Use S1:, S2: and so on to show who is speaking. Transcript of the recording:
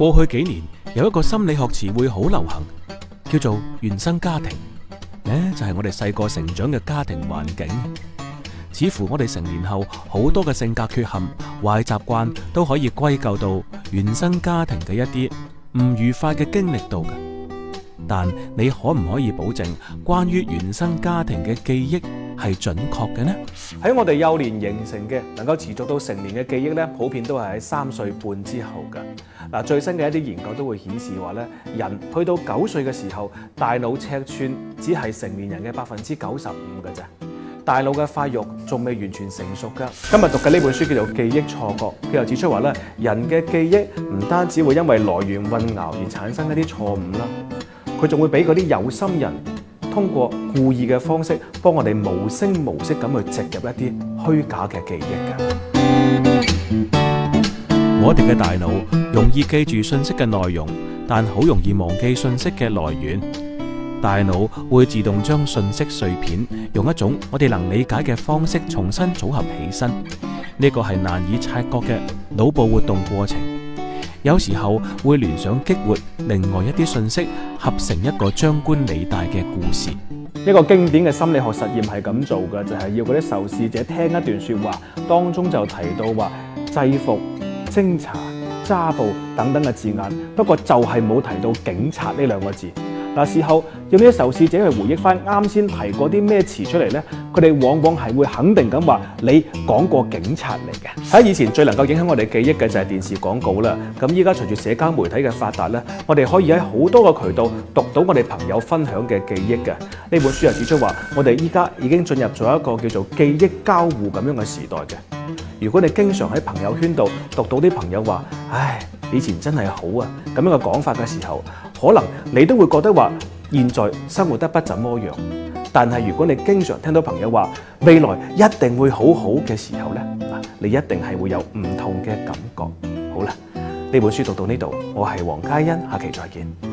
S1: 過去幾年有一個心理學詞彙好流行，叫做原生家庭，呢就係我哋細個成長嘅家庭環境。似乎我哋成年後好多嘅性格缺陷、壞習慣都可以歸咎到原生家庭嘅一啲唔愉快嘅經歷度嘅。但你可唔可以保證關於原生家庭嘅記憶係準確嘅呢？喺我哋幼年形成嘅，能夠持續到成年嘅記憶咧，普遍都係喺三歲半之後噶。嗱，最新嘅一啲研究都會顯示話咧，人去到九歲嘅時候，大腦尺寸只係成年人嘅百分之九十五噶啫，大腦嘅發育仲未完全成熟噶。今日讀嘅呢本書叫做《記憶錯覺》，佢又指出話咧，人嘅記憶唔單止會因為來源混淆而產生一啲錯誤啦。佢仲會俾嗰啲有心人，通過故意嘅方式，幫我哋無聲無息咁去植入一啲虛假嘅記憶㗎。我哋嘅大腦容易記住信息嘅內容，但好容易忘記信息嘅來源。大腦會自動將信息碎片，用一種我哋能理解嘅方式重新組合起身。呢個係難以察覺嘅腦部活動過程。有時候會聯想激活另外一啲信息，合成一個張冠李戴嘅故事。一個經典嘅心理學實驗係咁做嘅，就係要嗰啲受試者聽一段說話，當中就提到話，制服、偵查、揸捕等等嘅字眼，不過就係冇提到警察呢兩個字。嗱，事後用呢啲受試者去回憶翻啱先提過啲咩詞出嚟呢，佢哋往往係會肯定咁話：你講過警察嚟嘅。喺以前最能夠影響我哋記憶嘅就係電視廣告啦。咁依家隨住社交媒體嘅發達呢，我哋可以喺好多個渠道讀到我哋朋友分享嘅記憶嘅。呢本書又指出話，我哋依家已經進入咗一個叫做記憶交互咁樣嘅時代嘅。如果你經常喺朋友圈度讀到啲朋友話：唉，以前真係好啊，咁樣嘅講法嘅時候。可能你都會覺得話現在生活得不怎麼樣，但係如果你經常聽到朋友話未來一定會好好嘅時候呢，你一定係會有唔同嘅感覺。好啦，呢本書讀到呢度，我係黃嘉欣，下期再見。